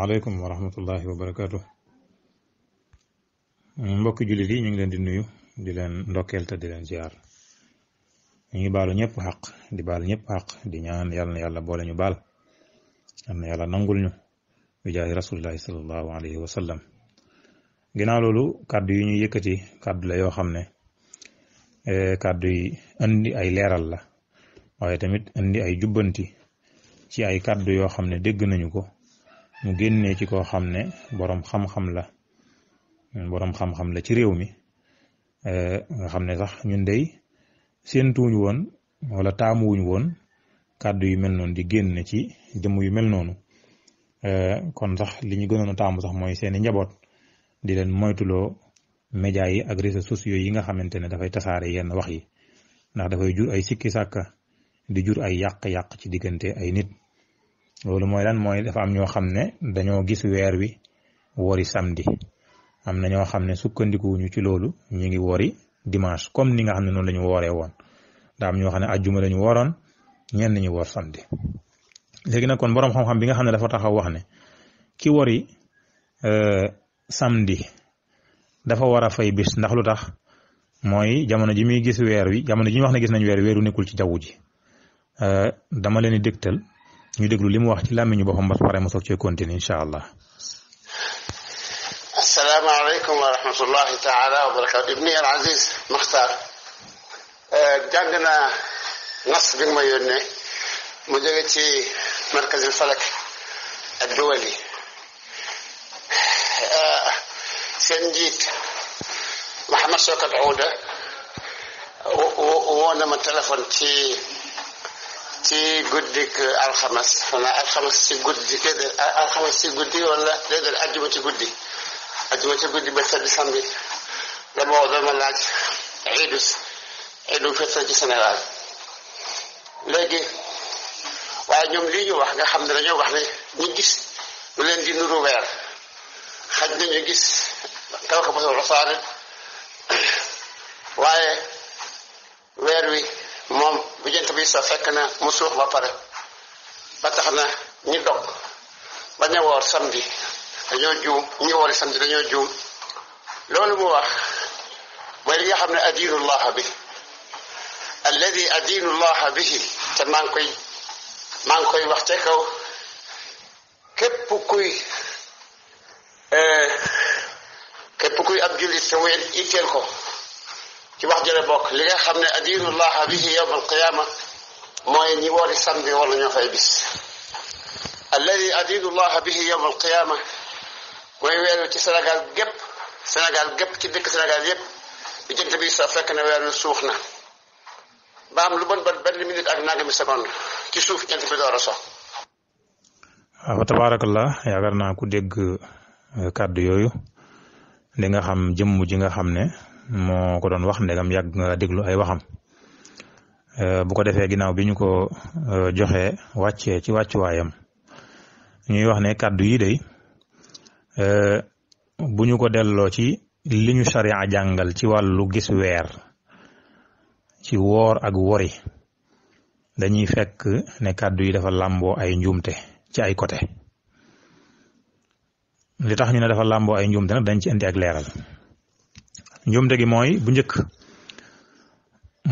Assalamualaikum wa rahmatullahi wa barakaatu. Mm, mbokki jullit yi ñu ngi leen di nuyu di leen ndokkel te di leen ziar ñu ngi baalu ñepp xaq di baal ñepp xaq di ñaan yalla na boole ñu baal am na yàlla nangul ñu bi jaahi rasulillahi sallallahu alayhi wa sallam ginnaaw lolu kaddu yi ñu yëkëti kaddu la yoo xam ne e, kaddu yi andi ay leeral la waaye tamit andi ay jubbanti ci ay kaddu yoo xam ne dégg nañu ko. mu génne ci koo xam ne boroom xam-xam la boroom xam la ci réew mi eh, nga xam ne sax ñun dey séentuwuñu woon wala taamuwuñu woon kàddu yu mel noonu di génn ci jëmm yu mel noonu eh, kon sax li ñu gënoon a taamu sax mooy seeni njaboot di leen moytuloo média yi ak réseaux sociaux yi nga xamante ne dafay tasaare yenn wax yi ndax dafay jur ay sikki sàkka di jur ay yàq-yàq ci diggante ay nit loolu mooy lan mooy dafa am ñoo xam ne dañoo gis weer wi wori samedi am na ñoo xam ne sukkandikuwuñu ci loolu ñu ngi wori dimanche comme ni nga xam ne noonu la ñu wooree woon daa ñoo xam ne ajjuma la ñu wooroon ñenn ñu woor samedi léegi nag kon boroom xam-xam bi nga xam ne dafa taxaw wax ne ki wori euh, samedi dafa war a fay bis ndax lu tax mooy jamono ji muy gis weer wi jamono ji ñu wax ne gis nañ weer weeru nekkul ci jaww ji euh, dama leen di dégtal ñu déglu limu wax ci lamiñu bopam ba paré mo sok ci continuer inshallah السلام عليكم ورحمة الله تعالى وبركاته ابني العزيز مختار جاندنا نص بما يوني مدرتي مركز الفلك الدولي سنجيت محمد شوكت عودة وانا من تلفون تي ci guddik alxames xanaa alxames ci guddi déedéet alxames ci guddi wala déedéet ajjuma ci guddi ajjuma ci guddi ba sedd samedi la moo dama laaj iidu iidu fettal ci Sénégal léegi waaye ñoom lii ñu wax nga xam ne dañoo wax ne ñu gis lu leen di nuru weer xaj nañu gis kaw ko basal rosaare waaye weer wi moom bu jant bi so fekk na mu suux ba pare ba tax na ñi dog ba ñu woor samedi dañoo juum ñi woori samedi dañoo juum loolu mu wax mooy li nga xam ne adiinu llaha bi alladi adiinu llaha bihi te maa ngi koy maa ngi koy wax te kaw képp kuy képp kuy ab jullit te wéen itteel ko ci wax jële bokk li nga xam ne addiinullah bihi yawm alqiyaama mooy ñi woori wala ñoo fay ci Sénégal gépp gépp ci dëkk Sénégal yépp bi jënt bi sa fekk na weeru suux na ba lu bon ba benn minute ak nangami seconde ci suuf jënt bi door a so waaw ah, tabaarakallah yaakaar naa ku dégg eh, kàddu yooyu di nga xam jëmm ji nga xam ne moo ko doon wax ndegam yàgg nga déglu ay waxam euh, bu ko defee ginnaaw bi ko euh, joxe wàccee ci wàccuwaayam ñuy wax ne kàddu yi day euh, bu ñu ko delloo ci li ñu sariya jàngal ci wàllu gis weer ci woor ak wori dañuy fekk ne kàddu yi dafa làmboo ay njuumte ci ay côté li tax ñu ne dafa làmboo ay njuumte nag dañ ci indi ak leeral njuumte gi mooy bu njëkk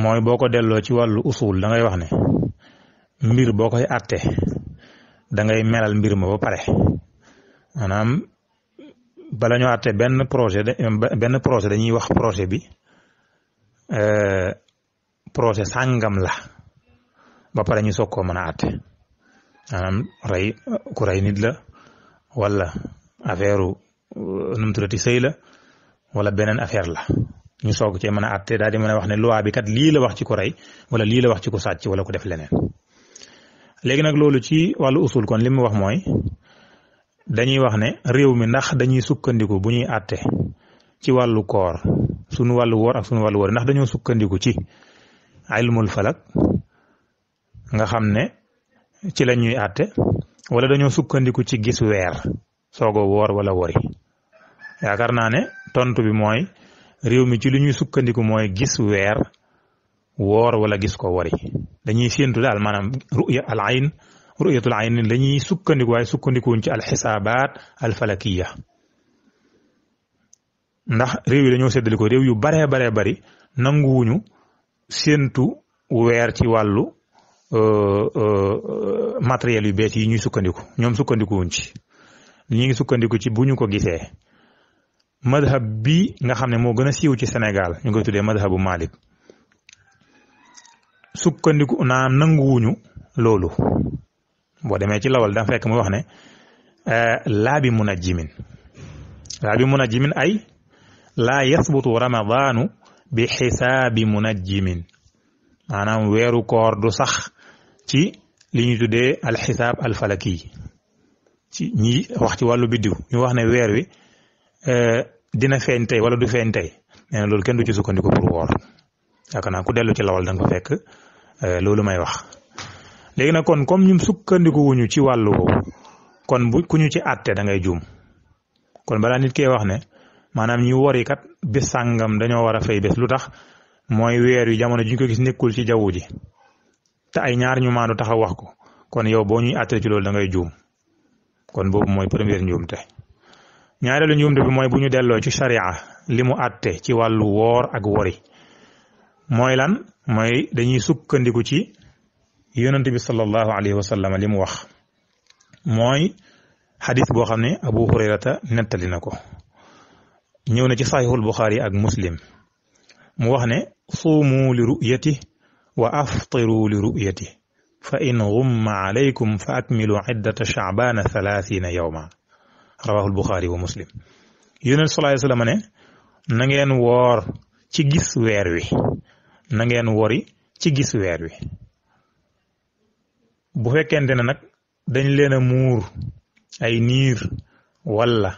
mooy boo ko delloo ci wàllu usul da ngay wax ne mbir boo koy àtte da ngay melal mbir ma ba pare maanaam bala ñoo benn projet benn projet dañuy wax projet bi euh, projet sàngam la ba pare ñu soog koo mën a àtte rey ku rey nit la wala affaire nu mu sëy la wala beneen affaire la ñu soog cee mën a àtte daal di mën a wax ne loi bi kat lii la wax ci ko rey wala lii la wax ci ko sàcc wala ko def leneen léegi nag loolu ci wàllu usul kon li mu wax mooy dañuy wax ne réew mi ndax dañuy sukkandiku bu ñuy àtte ci wàllu koor sunu wàllu woor ak sunu wàllu woor ndax dañoo sukkandiku ci ilmul falak nga xam ne ci la ñuy atte wala dañoo sukkandiku ci gis weer soog woor wala wori yaakaar naa ne tontu bi mooy réew mi ci lu ñuy sukkandiku mooy gis weer woor wala gis ko wari dañuy séentu daal maanaam ruya al ayn ruyatul ayn la ñuy sukkandiku waaye sukkandikuwuñ ci al xisaabaat al falakiya ndax réew yi dañoo séddale ko réew yu baree baree bari nanguwuñu séentu weer ci wàllu euh, euh, matériel yu bees yi ñuy sukkandiku ñoom sukkandikuwuñ ci ñu ngi sukkandiku ci bu ñu ko gisee madhab bi nga xam ne moo gën a siiw ci Sénégal ñu koy tuddee madhabu Malik sukkandiku naa nanguwuñu loolu boo demee ci lawal da fekk mu wax ne eh, laa bi mun a jimin laa bi mun a jimin ay laa yasbutu ramadaanu bi xisaabi mun a jimin maanaam weeru koor du sax ci li ñu tuddee alxisaab alfalaki ci ñi wax ci wàllu biddiw ñu wax ne weer wi Eh, dina feeñ tey wala du feeñ tey nee na loolu kenn du ci sukkandiku pour woor yaakaar naa ku dellu ci lawal da nga fa fekk eh, loolu may wax. léegi nag kon comme ñu sukkandiku wuñu ci wàllu woowu kon bu ku ñu ci atte da ngay juum kon bala nit kee wax ne maanaam ñi wori kat bés sangam dañoo war a fay lu tax mooy weer yu jamono ji ñu ko gis nekkul ci jaww ji te ay ñaar ñu maanu taxaw wax ko kon yow boo ñuy àtte ci loolu da ngay juum kon boobu mooy première njuumte. ñaareelu njuumte bi mooy bu ñu delloo ci sharia li mu àtte ci wàllu woor ak wori mooy lan mooy dañuy sukkandiku ci yonent bi sallallahu alayhi wa sallam li mu wax mooy xadis boo xam ne abu hurayrata nettali na ko ñëw na ci saxiixul buxaari ak muslim mu wax ne suumu li ru'yati wa aftiru li ru'yati fa in gumma alaykum fa akmilu iddata shaabaana thalaathiina rawahul buxaari wa muslim yonent salaay salaam ne nangeen ngeen woor ci gis weer wi na ngeen wori ci gis weer wi bu fekkente ne nag dañ leen a muur ay niir walla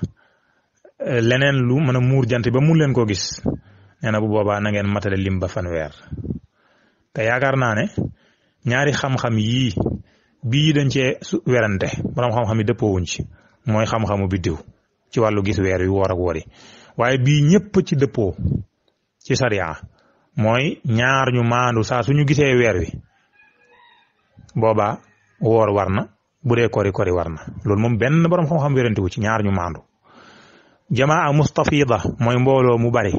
eh, leneen lu mën a muur jant ba mu leen koo gis nee na bu boobaa na ngeen matale lim ba fan weer te yaakaar naa ne ñaari xam-xam yii bii dañ cee werante boroom xam-xam yi dëppoowuñ ci mooy xam-xamu biddiw ci wàllu gis weer wi woor ak wori waaye bii ñëpp ci dëppoo ci sariya mooy ñaar ñu maandu saa suñu gisee weer wi boobaa woor war na bu dee kori kori war na loolu moom benn borom xam-xam wérantewu ci ñaar ñu maandu jamaa mustafida mooy mbooloo mu bari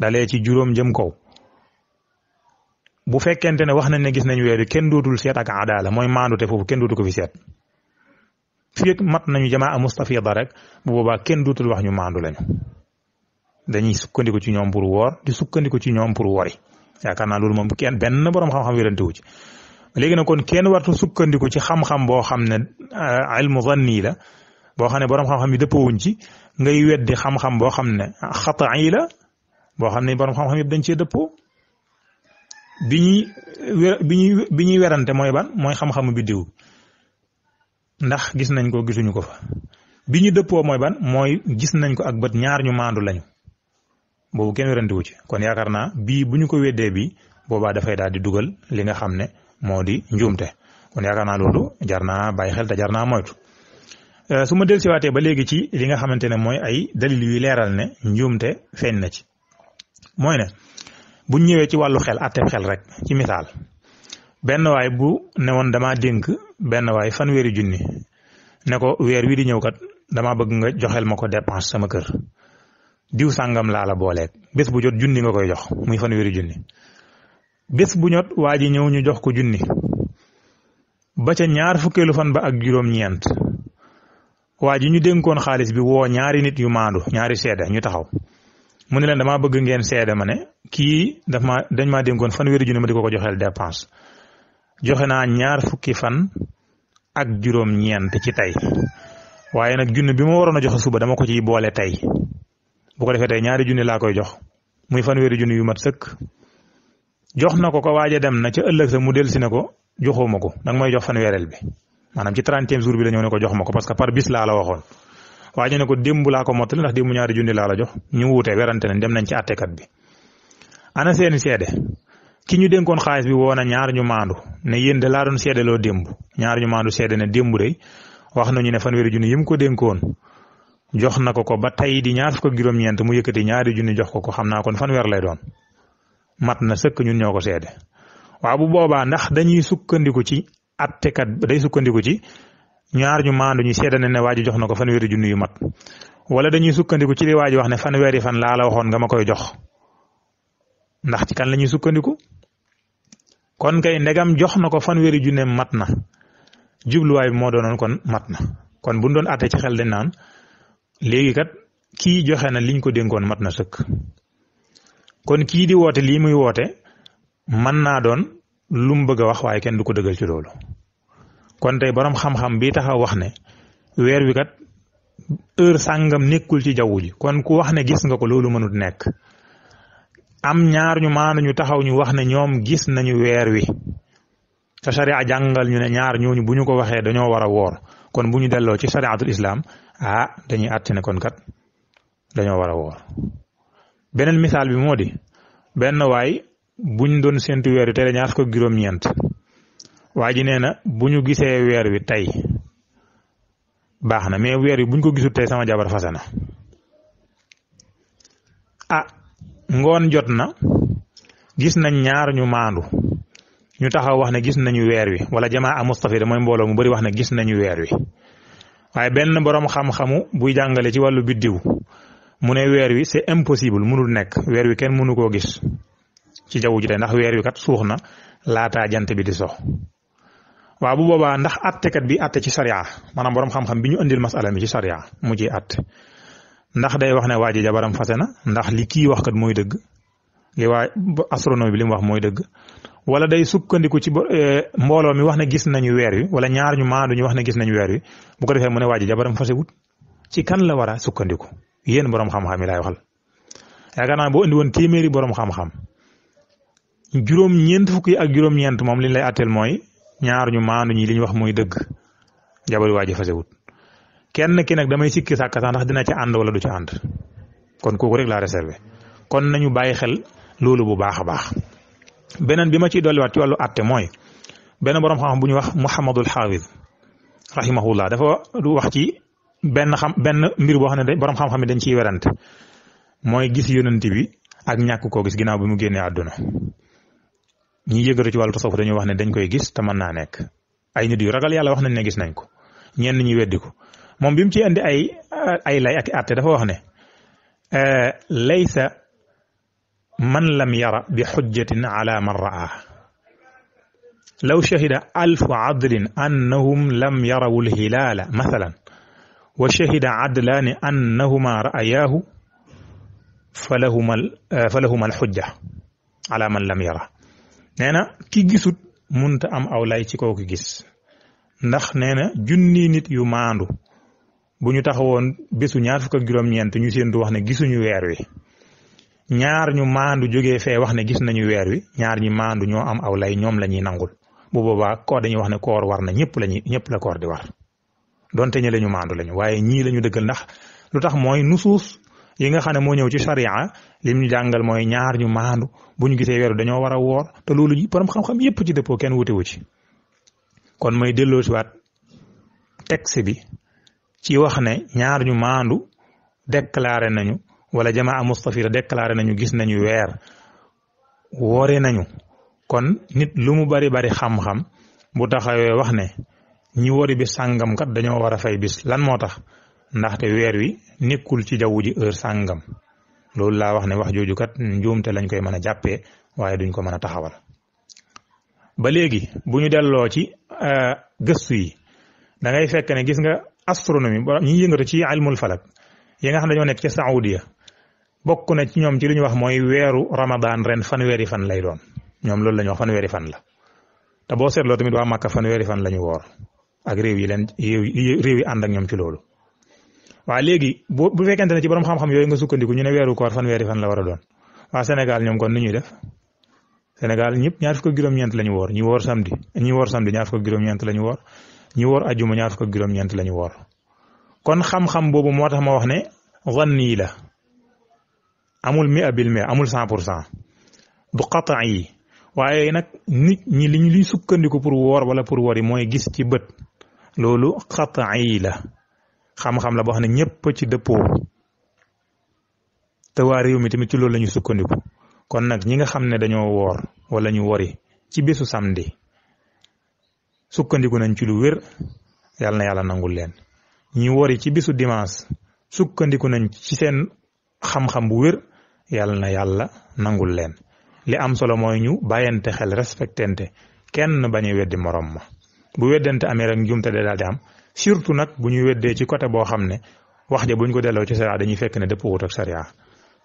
dalee ci juróom jëm kaw bu fekkente ne wax nañ ne gis nañ weer wi kenn dootul seet ak adala mooy maandu te foofu kenn dootu ko fi seet fii ak mat nañu jamaa mustafida rek bu boobaa kenn dootul wax ñu maandu lañu dañuy sukkandiku ci ñoom pour woor di sukkandiku ci ñoom pour wori yaakaar naa loolu moom kenn benn borom xam-xam wérante wu ci léegi nag kon kenn wartu sukkandiku ci xam boo xam ne euh, ilmu zanni la boo xam ne borom xam-xam yi dëppawuñ ci ngay weddi xam-xam boo xam ne xata'i la boo xam ne borom xam-xam yëpp dañ cee dëppoo bi ñuy bi ñuy bi ñuy werante mooy ban mooy xam-xamu biddiw ndax gis nañ ko gisuñu ko fa bi ñu dëppoo mooy ban mooy gis nañ ko ak bët ñaar ñu maandu lañu boobu kenn werantewu ci kon yaakaar naa bii bu ñu ko weddee bi boobaa dafay daal di dugal li nga xam ne moo di njuumte kon yaakaar naa loolu jar naa bàyyi xel te jar naa moytu euh, su ma dellusiwaatee ba léegi ci li nga xamante ne mooy ay dalil yuy leeral ne njuumte feeñ na ci mooy ne buñ ñëwee ci wàllu xel àtteeb xel rek ci misaal benn waay bu newoon woon damaa dénk benn waay fanweeri junni ne ko weer wi di ñëw kat damaa bëgg nga joxel ma ko dépense sama kër diw sàngam laa la booleeg bés bu jot junni nga koy jox muy fan fanweeri junni bés bu ñot waa ji ñëw ñu jox ko junni ba ca ñaar fukkeelu fan ba ak juróom-ñeent waa ji ñu dénkoon xaalis bi woo ñaari nit yu maandu ñaari seede ñu taxaw mu ne leen damaa bëgg ngeen seede ma ne kii daf ma dañ maa fan fanweeri junni ma di ko ko joxeel dépense joxe naa ñaar fukki fan ak juróom-ñeent ci tey waaye nag junni bi ma waroon a joxe suba dama ko ciy boole tey bu ko defee tey ñaari junni laa koy jox muy fanweeri junni yu mat sëkk jox na ko ko waaja dem na ca ëllëg sa mu dellusi na ko joxoo ma ko danga mooy jox fanweereel bi maanaam ci trentième jour bi la ñëw ne ko jox ma ko parce que par bis laa la waxoon waa ñu ne ko démb laa ko mottali ndax démb ñaari junni laa la jox ñu wuute werante nañ dem nañ ci àttekat bi ana ki ñu dénkoon xaalis bi woo ñaar ñu maandu ne yéen de laa doon seedeloo démb ñaar ñu maandu seede ne démb de wax nañu ne fanweeri junni yi mu ko dénkoon jox na ko ko ba tey di ñaar fukk juróom-ñeent mu yëkkati ñaari junni jox ko ko xam naa kon fanweer lay doon mat na sëkk ñun ñoo ko seede waaw bu boobaa ndax dañuy sukkandiku ci attekat day sukkandiku ci ñaar ñu maandu ñu seede ne ne waa ji jox na ko fanweeri junni yi mat wala dañuy sukkandiku ci li waa ji wax ne fanweeri fan laala waxoon nga ma koy jox ndax ci kan la sukkandiku. kon kay ndegam jox na ko fan fanweeri junne mat na jubluwaay bi moo doonoon kon mat na kon bu ñu doon àtte ci xel dañ naan léegi kat kii joxe na liñ ko dénkoon mat na sëkk kon kii di woote lii muy woote mën naa doon lu bëgg a wax waaye kenn du ko dëggal ci loolu kon tey boroom xam-xam bi taxa wax ne weer wi kat heure sàngam nekkul ci jaww ji kon ku wax ne gis nga ko loolu mënut nekk. am ñaar ñu maana ñu taxaw ñu wax na ñoom gis nañu weer wi te sharia jàngal ñu ne ñaar ñooñu bu ñu ko waxee dañoo war a woor kon bu ñu delloo ci shariatul islam ah dañuy àtte ne kon kat dañoo war a woor beneen misaal bi moo di benn waay buñ doon séntu weer wi tey ñaar ko juróom-ñeent waa ji nee na bu ñu gisee weer wi tey baax na mais weer wi buñ ko gisul tey sama jabar fase na ah, ngoon jot na gis nañ ñaar ñu maandu ñu taxaw wax ne gis nañu weer wi wala jamaa mustafida mooy mbooloo mu bari wax na gis nañu weer wi waaye benn boroom xam-xamu buy jàngale ci wàllu biddiw mu ne weer wi c'est impossible mënul nekk weer wi kenn mënu koo gis ci jaww ji tey ndax weer wi kat suux na laataa jant bi di sox waaw bu boobaa ndax attekat bi atte ci sariya maanaam boroom xam-xam bi ñu indil masala mi ci sariya mu ciy at ndax day wax ne waji jabaram fasena na ndax li ki wax kat moy deug li wa astronome bi lim wax moy deug wala day sukkandiku ci eh, mbolo mi wax ne gis nañu weer wi wala ñaar ñu maandu ñu wax ne gis nañu Bukari wi bu ko defé mu ne waji jabaram fase wut ci kan la wara sukkandiku yeen borom xam-xam mi lay waxal yaakaar naa boo indi woon borom xam-xam juróom ñent fukki ak juróom ñent mom liñ lay atel moy ñaar ñu maandu ñi li ñu wax moy deug jabar waji ji kenn ki nag damay sikki sàkk sax ndax dina ci ànd wala du ci ànd kon kooku rek laa réservé kon nañu bàyyi xel loolu bu baax a baax beneen bi ma ciy dolliwaat ci wàllu àtte mooy benn borom xam bu ñuy wax Muhammadul Xaafid rahimahullah dafa wax ci benn xam benn mbir boo ne borom xam-xam yi dañ ciy werante mooy gis yonent bi ak ñàkk koo gis ginnaaw bi mu génnee àdduna ñi yëgatu ci wàllu tasawuf dañu wax ne dañ koy gis te mën naa nekk ay nit yu ragal yàlla wax nañ ne gis nañ ko ñenn ñi weddi ko moom bi mu ci indi ay ay lay ak àtte dafa wax ne laysa man lam yara bi xujjatin ala man raa law shahida alfu adlin annahum lam yarawu lhilaala mathalan wa shahida adlaani annahuma ra'ayaahu falahuma falahuma alxujja ala man lam yara nee na ki gisut munta am aw lay ci koo ki gis ndax nee na junni nit yu maandu bu ñu taxawoon bésu ñaar fukk ak juróom-ñeent ñu séentu wax ne gisuñu weer wi ñaar ñu maandu jóge fee wax ne gis nañu weer wi ñaar ñi maandu ñoo am aw lay ñoom la ñuy nangul bu boobaa ko dañuy wax ne koor war na ñëpp la ñuy ñëpp la koor di war donte ñi la ñu maandu lañu waaye ñii lañu ñu dëggal ndax lu tax mooy nu nusuus yi nga xam ne moo ñëw ci charia lim ñu jàngal mooy ñaar ñu maandu bu ñu gisee weeru dañoo war a woor te loolu borom xam-xam yëpp ci dëppoo kenn wutewu ci kon may delloosiwaat texte bi ci wax ne ñaar ñu maandu déclaré nañu wala jamaa mustafida déclaré nañu gis nañu weer woore nañu kon nit lu mu bari bari xam-xam bu taxawee wax ne ñi wori bis sàngam kat dañoo war a fay bis lan moo tax ndaxte weer wi nekkul ci jaww ji heure sàngam loolu laa wax ne wax jooju kat njuumte lañ koy mën a jàppee waaye duñ ko mën a taxawal. ba léegi bu ñu delloo ci euh, gëstu yi da fekk ne gis nga astronomie ñi yëngatu ci ilmul falak yi nga xam dañoo nekk ca Saoudia bokk na ci ñoom ci li ñu wax mooy weeru Ramadan ren fanweeri fan lay doon ñoom loolu la ñu wax fanweeri fan la te boo seetloo tamit waa Makka fanweeri fan la ñu woor ak réew yi leen réew yi ànd ak ñoom ci loolu. waa léegi bu bu fekkente ne ci borom xam-xam yooyu nga sukkandiku ñu ne weeru koor fanweeri fan la war a doon waa Sénégal ñoom kon nu ñuy def ñëpp ñaar fukk ñeent la ñu woor ñi woor samedi ñi woor samedi ñaar fukk ak juróom-ñeent la ñu woor ñi woor ajjuma ñaar fukk ak juróom-ñeent la ñu woor kon xam-xam boobu moo tax ma wax ne zanni la amul mia bil mia amul cent pour cent du qataa yi waaye nag nit ñi li sukkandiku pour woor wala pour wori mooy gis ci bët loolu qataa yi la xam-xam la boo xam ne ñëpp ci dëppoo te waa réew mi tamit ci loolu la sukkandiku kon nag ñi nga xam ne dañoo woor wala ñu wori ci bésu samedi sukkandiku nañ ci lu wër yalla na yalla nangul len. ñi wori ci bisu dimanche sukkandiku nañ ci seen xam-xam bu wër yalla na yalla nangul len. li am solo moy ñu bayante xel respectante kenn bañu a morom ma bu weddante amé rek njumte de dal di am surtout nak bu ñu weddee ci côté bo xamné wax ja buñ ko ci sharia dañuy fekk ne wut ak sharia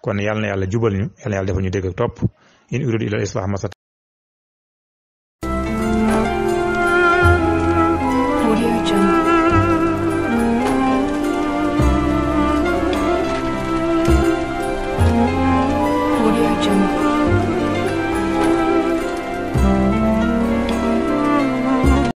kon yalla na yalla jubal ñu yalla yalla yàlla ñu dégg ak top in urid ila islah